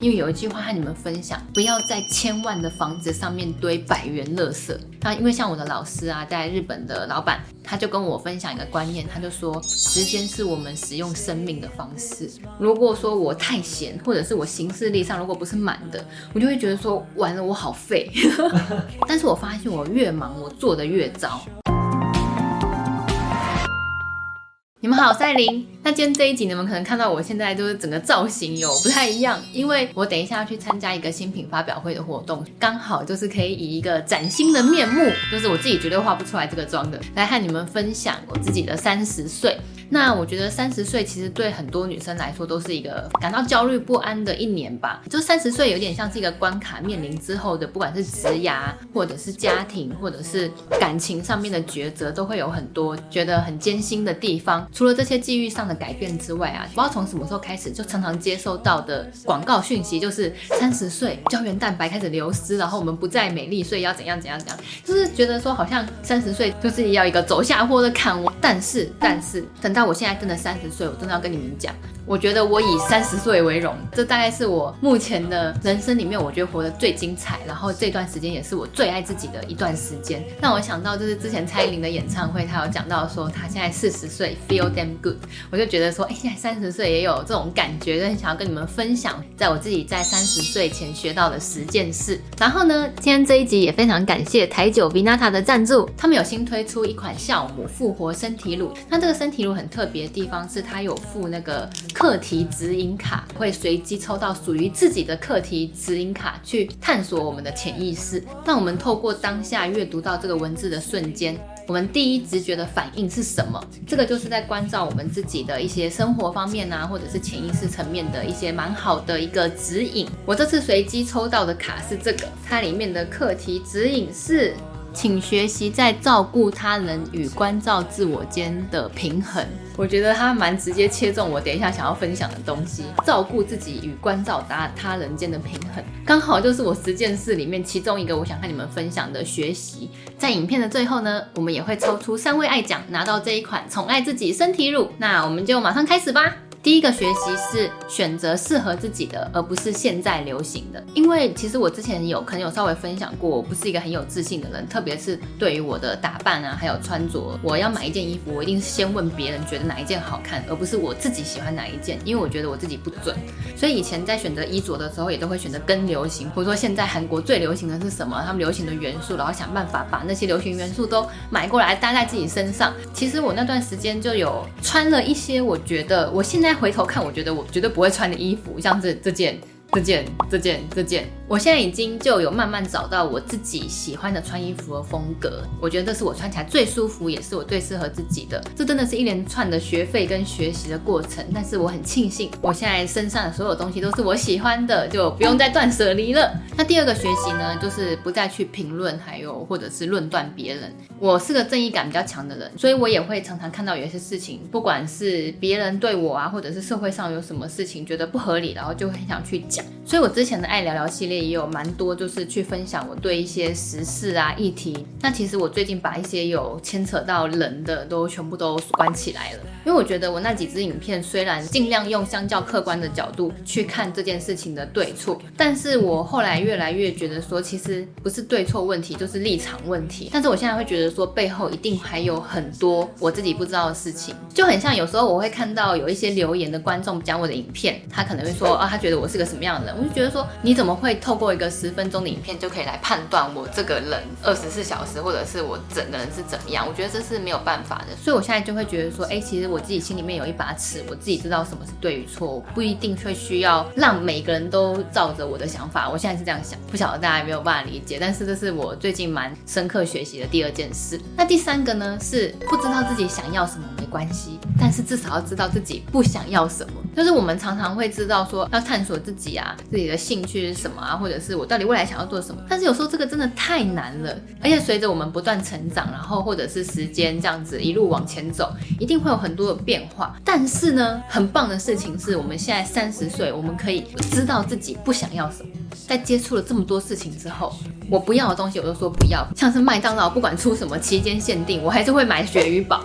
因為有一句話和你們分享，不要在千萬的房子上面堆百元垃圾。那、啊、因為像我的老師啊，在日本的老闆，他就跟我分享一個觀念，他就說，時間是我們使用生命的方式。如果說我太閒，或者是我行事曆上如果不是滿的，我就會覺得說，完了，我好廢。 但是我發現我越忙，我做得越糟。你們好，艾琳。那今天這一集，你們可能看到我現在就是整個造型有不太一樣，因為我等一下要去參加一個新品發表會的活動，剛好就是可以以一個嶄新的面目，就是我自己絕對畫不出來這個妝的，來和你們分享我自己的三十歲。那我覺得三十歲其實對很多女生來說都是一個感到焦慮不安的一年吧。就三十歲有點像是一個關卡，面臨之後的，不管是職涯或者是家庭，或者是感情上面的抉擇，都會有很多覺得很艱辛的地方。除了這些際遇上的改變之外啊，不知道從什麼時候開始，就常常接受到的廣告訊息就是三十歲膠原蛋白開始流失，然後我們不再美麗，所以要怎樣怎樣怎樣。就是覺得說好像三十歲就是要一個走下坡的坎。但是，但是等。那我現在真的三十歲，我真的要跟你們講。我覺得我以三十歲為榮，這大概是我目前的人生裡面，我覺得活得最精彩。然後這段時間也是我最愛自己的一段時間。那我想到就是之前蔡依林的演唱會，她有講到說她現在四十歲、mm hmm. feel damn good，我就覺得說，哎，現在三十歲也有這種感覺，就很想要跟你們分享，在我自己在三十歲前學到的十件事。然後呢，今天這一集也非常感謝台九 V i t a 的贊助，他們有新推出一款酵母復活身體乳。那這個身體乳很特別的地方是，它有附那個。課題指引卡，會隨機抽到屬於自己的課題指引卡，去探索我們的潛意識。那我們透過當下閱讀到這個文字的瞬間，我們第一直覺的反應是什麼？這個就是在關照我們自己的一些生活方面啊，或者是潛意識層面的一些蠻好的一個指引。我這次隨機抽到的卡是這個，它裡面的課題指引是。請學習在照顧他人與關照自我間的平衡。我覺得他蠻直接切中我等一下想要分享的東西——照顧自己與關照他他人間的平衡，剛好就是我十件事裡面其中一個，我想和你們分享的學習。在影片的最後呢，我們也會抽出三位愛將，拿到這一款寵愛自己身體乳。那我們就馬上開始吧。第一個學習是選擇適合自己的，而不是現在流行的。因為其實我之前有可能有稍微分享過，我不是一個很有自信的人，特別是對於我的打扮啊，還有穿着。我要買一件衣服，我一定是先問別人覺得哪一件好看，而不是我自己喜歡哪一件。因為我覺得我自己不準。所以以前在選擇衣着的時候，也都會選擇跟流行，或者說現在韓國最流行的是什麼，他們流行的元素，然後想辦法把那些流行元素都買過來搭在自己身上。其實我那段時間就有穿了一些，我覺得我現在。回頭看，我覺得我絕對不會穿的衣服，像這這件。這件、這件、這件，我現在已經就有慢慢找到我自己喜歡的穿衣服的風格。我覺得這是我穿起來最舒服，也是我最適合自己的。這真的是一連串的學費跟學習的過程，但是我很慶幸，我現在身上的所有東西都是我喜歡的，就不用再斷舍離了。那第二個學習呢，就是不再去評論，還有或者是論斷別人。我是個正義感比較強的人，所以我也會常常看到有些事情，不管是別人對我啊，或者是社會上有什麼事情覺得不合理，然後就很想去。所以，我之前的愛聊聊系列也有蠻多，就是去分享我對一些時事啊、議題。那其實我最近把一些有牽扯到人的都全部都關起來了，因為我覺得我那幾支影片雖然盡量用相較客觀的角度去看這件事情的對錯，但是我後來越來越覺得說，其實不是對錯問題，就是立場問題。但是我現在會覺得說，背後一定還有很多我自己不知道的事情。就很像有時候我會看到有一些留言的觀眾講我的影片，他可能會說，啊，他覺得我是個什麼樣？這樣人，我就覺得說，你怎麼會透過一個十分鐘的影片就可以來判斷我這個人二十四小時或者是我整個人是怎麼樣？我覺得這是沒有辦法的。所以我現在就會覺得說，誒，其實我自己心裡面有一把尺，我自己知道什麼是對與錯，不一定會需要讓每個人都照着我的想法。我現在是這樣想，不曉得大家有沒有辦法理解，但是這是我最近蠻深刻學習的第二件事。那第三個呢，是不知道自己想要什麼沒關係，但是至少要知道自己不想要什麼。就是我們常常會知道說要探索自己啊，自己的興趣是什麼啊，或者是我到底未來想要做什麼。但是有時候這個真的太難了，而且隨着我們不斷成長，然後或者是時間這樣子一路往前走，一定會有很多的變化。但是呢，很棒的事情是我們現在三十歲，我們可以知道自己不想要什麼。在接觸了這麼多事情之後，我不要的東西我都說不要，像是麥當勞不管出什麼期間限定，我還是會買鱈魚堡。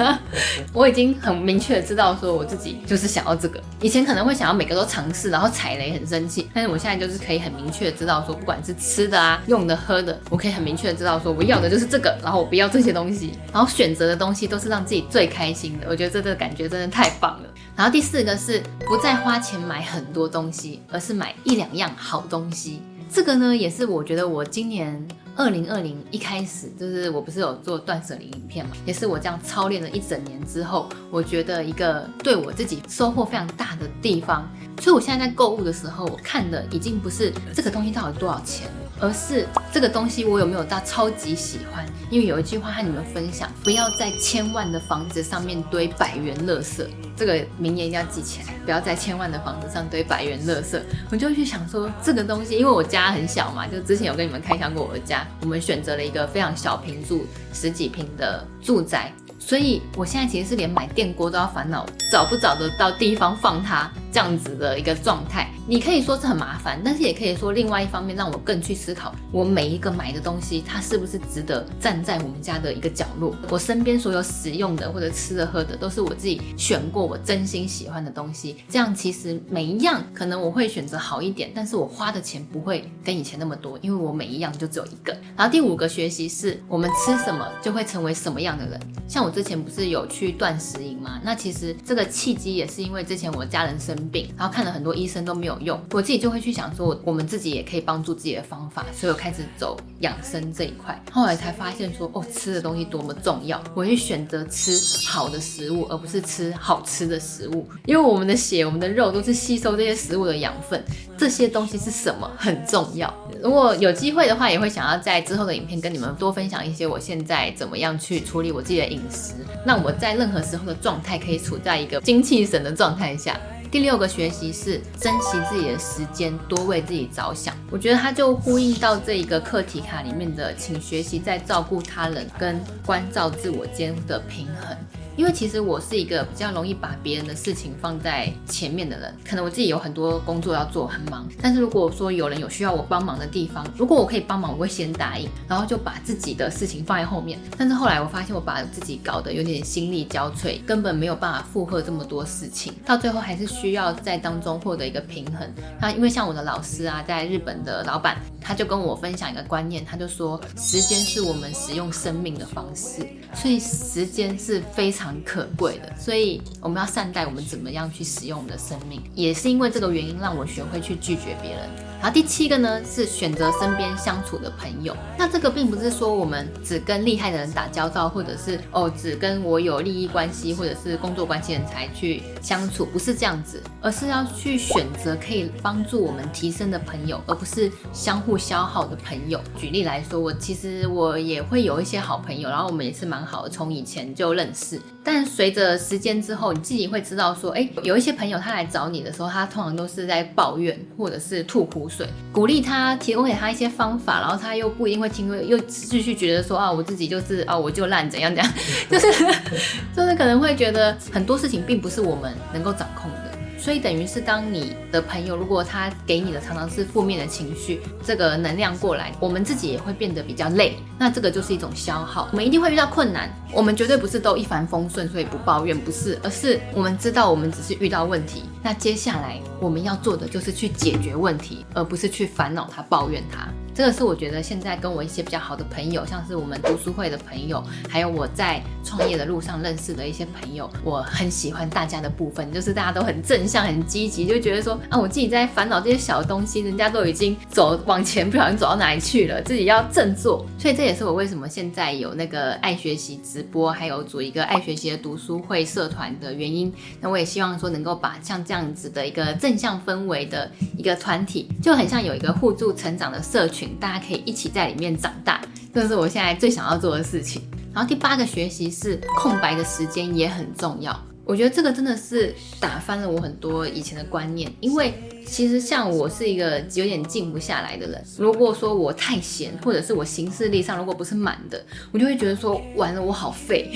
我已經很明確的知道說我自己就是想要這個，以前可能會想要每個都嘗試，然後踩雷很生氣，但是我現在就是可以很明確知道說，不管是吃的啊、用的、喝的，我可以很明確知道說我要的就是這個，然後我不要這些東西，然後選擇的東西都是讓自己最開心的，我覺得這個感覺真的太棒了。然後第四個是不再花錢買很多東西，而是買一兩樣好東西。這個呢，也是我覺得我今年二零二零一開始，就是我不是有做斷舍離影片嘛，也是我這樣操練了一整年之後，我覺得一個對我自己收穫非常大的地方，所以我現在在購物的時候，我看的已經不是這個東西到底多少錢了。而是這個東西我有沒有到超級喜歡？因為有一句話和你們分享，不要在千萬的房子上面堆百元垃圾。這個名言一定要記起來。不要在千萬的房子上堆百元垃圾。我就去想說，這個東西，因為我家很小嘛，就之前有跟你們開箱過我的家，我們選擇了一個非常小坪住十幾坪的住宅，所以我現在其實是連買電鍋都要煩惱找不找得到地方放它這樣子的一個狀態。你可以說是很麻煩，但是也可以說另外一方面讓我更去思考，我每一個買的東西它是不是值得站在我們家的一個角落。我身邊所有使用的或者吃的喝的都是我自己選過，我真心喜歡的東西。這樣其實每一樣可能我會選擇好一點，但是我花的錢不會跟以前那麼多，因為我每一樣就只有一個。然後第五個學習是我們吃什麼就會成為什麼樣的人。像我之前不是有去斷食營嗎？那其實這個契機也是因為之前我家人生病，然後看了很多醫生都沒有。用我自己就會去想說，我們自己也可以幫助自己的方法，所以我開始走養生這一塊。後來才發現說，哦，吃的東西多麼重要，我會選擇吃好的食物，而不是吃好吃的食物。因為我們的血、我們的肉都是吸收這些食物的養分，這些東西是什麼很重要。如果有機會的話，也會想要在之後的影片跟你們多分享一些我現在怎麼樣去處理我自己的飲食，那我在任何時候的狀態可以處在一個精氣神的狀態下。第六個學習是珍惜自己的時間，多為自己着想。我覺得它就呼應到這一個課題卡裡面的，請學習在照顧他人跟關照自我間的平衡。因為其實我是一個比較容易把別人的事情放在前面的人，可能我自己有很多工作要做，很忙。但是如果說有人有需要我幫忙的地方，如果我可以幫忙，我會先答應，然後就把自己的事情放在後面。但是後來我發現，我把自己搞得有點心力交瘁，根本沒有辦法負荷這麼多事情，到最後還是需要在當中獲得一個平衡。那，啊，因為像我的老師啊，在日本的老闆，他就跟我分享一個觀念，他就說，時間是我們使用生命的方式，所以時間是非常。很可貴的，所以我們要善待我們，怎麼樣去使用我們的生命？也是因為這個原因，讓我學會去拒絕別人。然後第七個呢，是選擇身邊相處的朋友。那這個並不是說我們只跟厲害的人打交道，或者是哦，只跟我有利益關係或者是工作關係的人才去相處，不是這樣子，而是要去選擇可以幫助我們提升的朋友，而不是相互消耗的朋友。舉例來說，我其實我也會有一些好朋友，然後我們也是蠻好的，從以前就認識。但隨着時間之後，你自己會知道說，哎，有一些朋友他來找你的時候，他通常都是在抱怨或者是吐苦水，鼓勵他，提供給他一些方法，然後他又不一定會聽，又繼續覺得說啊，我自己就是哦，我就爛怎樣怎樣，就是 就是可能會覺得很多事情並不是我們能夠掌控的。所以等於是，當你的朋友如果他給你的常常是負面的情緒，這個能量過來，我們自己也會變得比較累。那這個就是一種消耗。我們一定會遇到困難，我們絕對不是都一帆風順，所以不抱怨，不是，而是我們知道我們只是遇到問題。那接下來我們要做的就是去解決問題，而不是去煩惱他、抱怨他。這個是我覺得現在跟我一些比較好的朋友，像是我們讀書會的朋友，還有我在創業的路上認識的一些朋友，我很喜歡大家的部分，就是大家都很正向、很積極，就覺得說啊，我自己在煩惱這些小東西，人家都已經走往前，不小心走到哪裡去了，自己要振作。所以這也是我為什麼現在有那個愛學習直播，還有組一個愛學習的讀書會社團的原因。那我也希望說能夠把像這樣子的一個正向氛圍的一個團體，就很像有一個互助成長的社群。大家可以一起在裡面長大，這是我現在最想要做的事情。然後第八個學習是空白的時間也很重要，我覺得這個真的是打翻了我很多以前的觀念，因為。其實像我是一個有點靜不下來的人。如果說我太閒，或者是我行事曆上如果不是滿的，我就會覺得說，完了，我好廢。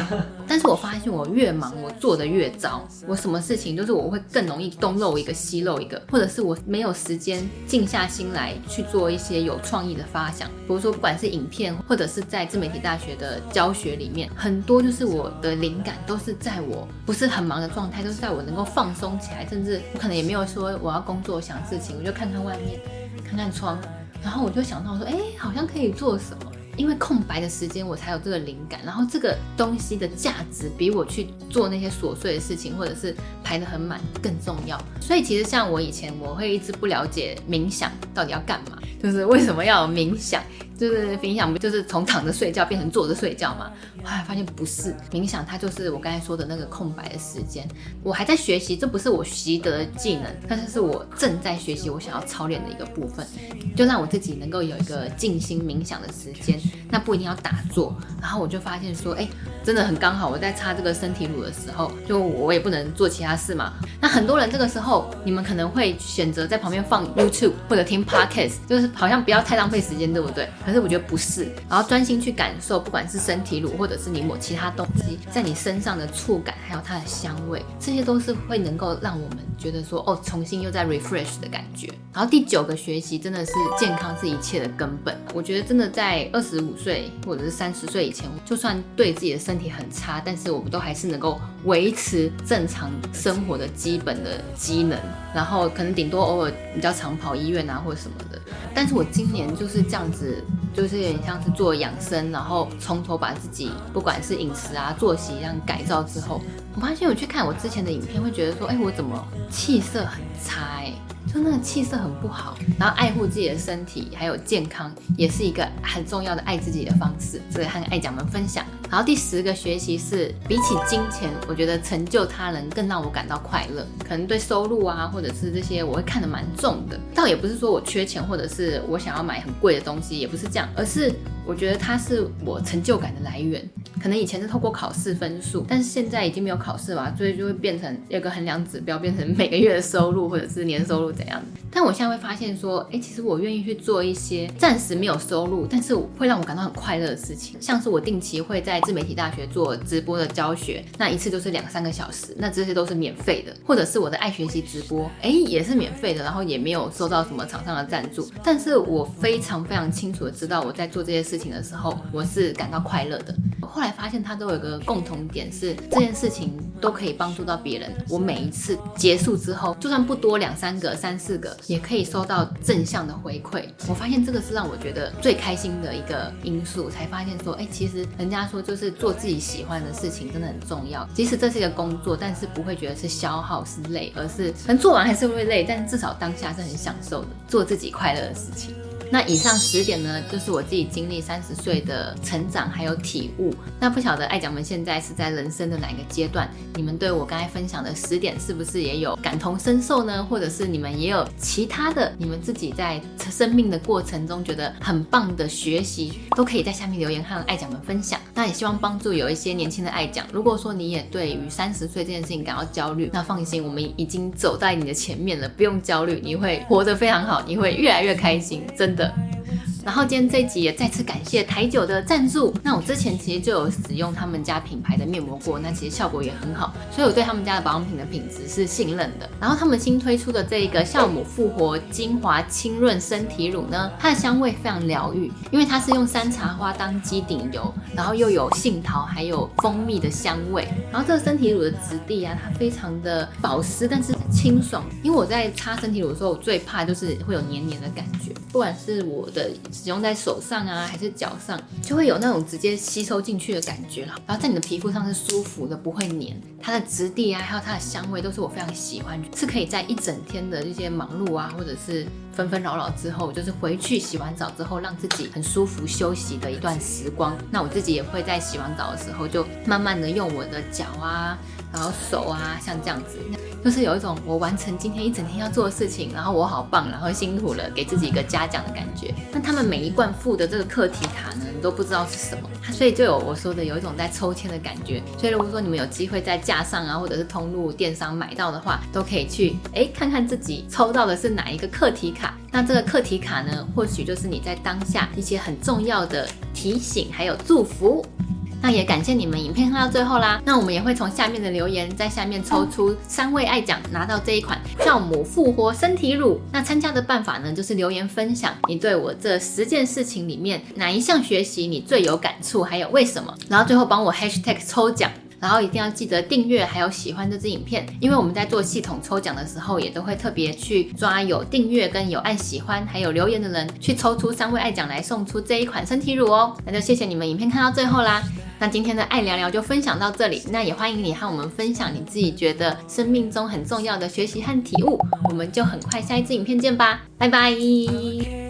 但是我發現我越忙，我做的越糟。我什麼事情都是我會更容易東漏一個西漏一個，或者是我沒有時間靜下心來去做一些有創意的發想。比如說，不管是影片，或者是在自媒體大學的教學裡面，很多就是我的靈感都是在我不是很忙的狀態，都是在我能夠放鬆起來，甚至我可能也沒有說我要。工作想事情，我就看看外面，看看窗，然後我就想到說，欸，好像可以做什麼，因為空白的時間我才有這個靈感。然後這個東西的價值比我去做那些瑣碎的事情，或者是排得很滿更重要。所以其實像我以前，我會一直不了解冥想到底要幹嘛，就是為什麼要冥想。就是冥想，不就是從躺着睡覺變成坐着睡覺嘛？哎，發現不是冥想，它就是我剛才說的那個空白的時間。我還在學習，這不是我習得的技能，但是是我正在學習，我想要操練的一個部分，就讓我自己能夠有一個靜心冥想的時間。那不一定要打坐，然後我就發現說，哎、欸，真的很剛好。我在擦這個身體乳的時候，就我也不能做其他事嘛。那很多人這個時候，你們可能會選擇在旁邊放 YouTube 或者聽 Podcast，就是好像不要太浪費時間，對不對？可是我覺得不是，然後專心去感受，不管是身體乳或者是你抹其他東西在你身上的觸感，還有它的香味，這些都是會能夠讓我們覺得說，哦，重新又在 refresh 的感覺。然後第九個學習真的是健康是一切的根本，我覺得真的在二十五。歲或者是三十歲以前，就算對自己的身體很差，但是我們都還是能夠維持正常生活的基本的機能。然後可能頂多偶爾比較常跑醫院啊或者什麼的。但是我今年就是這樣子，就是有點像是做養生，然後從頭把自己不管是飲食啊、作息這樣改造之後，我發現我去看我之前的影片，會覺得說，哎、欸，我怎麼氣色很差，欸？就那個氣色很不好，然後愛護自己的身體還有健康也是一個很重要的愛自己的方式，所以和愛講們分享。然後第十個學習是，比起金錢，我覺得成就他人更讓我感到快樂。可能對收入啊，或者是這些，我會看得蠻重的。倒也不是說我缺錢，或者是我想要買很貴的東西，也不是這樣，而是。我覺得它是我成就感的來源，可能以前是透過考試分數，但是現在已經沒有考試了，所以就會變成一個衡量指標，變成每個月的收入或者是年收入怎樣。但我現在會發現說，哎，其實我願意去做一些暫時沒有收入，但是會讓我感到很快樂的事情，像是我定期會在自媒體大學做直播的教學，那一次就是兩三個小時，那這些都是免費的，或者是我的愛學習直播，哎，也是免費的，然後也沒有收到什麼廠商的贊助，但是我非常非常清楚的知道我在做這些事。事情的時候，我是感到快樂的。我後來發現，它都有一個共同點，是這件事情都可以幫助到別人。我每一次結束之後，就算不多兩三個、三四個，也可以收到正向的回饋。我發現這個是讓我覺得最開心的一個因素。才發現說，哎、欸，其實人家說就是做自己喜歡的事情，真的很重要。即使這是一個工作，但是不會覺得是消耗、是累，而是能做完還是會累，但至少當下是很享受的，做自己快樂的事情。那以上十點呢，就是我自己經歷三十歲的成長還有體悟。那不曉得愛講們現在是在人生的哪一個階段？你們對我剛才分享的十點是不是也有感同身受呢？或者是你們也有其他的，你們自己在生命的過程中覺得很棒的學習，都可以在下面留言和愛講們分享。那也希望幫助有一些年輕的愛講，如果說你也對於三十歲這件事情感到焦慮，那放心，我們已經走在你的前面了，不用焦慮，你會活得非常好，你會越來越開心，真的，的，然後今天這集也再次感謝台酒的贊助。那我之前其實就有使用他們家品牌的面膜過，那其實效果也很好，所以我對他們家的保養品的品質是信任的。然後他們新推出的這一個酵母賦活精華清潤身體乳呢，它的香味非常療癒，因為它是用山茶花當基底油，然後又有杏桃還有蜂蜜的香味。然後這個身體乳的質地啊，它非常的保濕，但是清爽。因為我在擦身體乳的時候，我最怕就是會有黏黏的感覺。不管是我的使用在手上啊，還是腳上，就會有那種直接吸收進去的感覺啦。然後在你的皮膚上是舒服的，不會粘。它的質地啊，還有它的香味，都是我非常喜歡，是可以在一整天的一些忙碌啊，或者是紛紛擾擾之後，就是回去洗完澡之後，讓自己很舒服休息的一段時光。那我自己也會在洗完澡的時候，就慢慢的用我的腳啊。然後手啊，像這樣子，就是有一種我完成今天一整天要做的事情，然後我好棒，然後辛苦了，給自己一個嘉獎的感覺。那他們每一罐附的這個課題卡呢，你都不知道是什麼，所以就有我說的有一種在抽籤的感覺。所以如果說你們有機會在架上啊，或者是通路電商買到的話，都可以去哎看看自己抽到的是哪一個課題卡。那這個課題卡呢，或許就是你在當下一些很重要的提醒，還有祝福。那也感謝你們，影片，看到最後啦。那我們也會從下面的留言，在下面抽出三位愛獎，拿到這一款酵母賦活身體乳。那參加的辦法呢，就是留言分享你對我這十件事情裡面哪一項學習你最有感觸，還有為什麼。然後最後幫我 hashtag 抽獎。然後一定要記得訂閱，還有喜歡這支影片，因為我們在做系統抽獎的時候，也都會特別去抓有訂閱跟有按喜歡，還有留言的人去抽出三位愛獎來送出這一款身體乳哦。那就謝謝你們影片看到最後啦。那今天的艾聊聊就分享到這裡，那也歡迎你和我們分享你自己覺得生命中很重要的學習和體悟。我們就很快下一支影片見吧，拜拜。Okay.